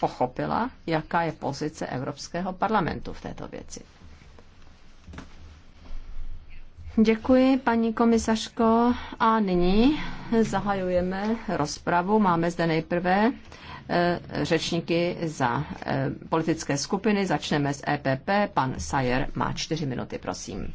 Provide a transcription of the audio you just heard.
pochopila, jaká je pozice Evropského parlamentu v této věci. Děkuji, paní komisařko. A nyní zahajujeme rozpravu. Máme zde nejprve eh, řečníky za eh, politické skupiny. Začneme s EPP. Pan Sajer má čtyři minuty, prosím.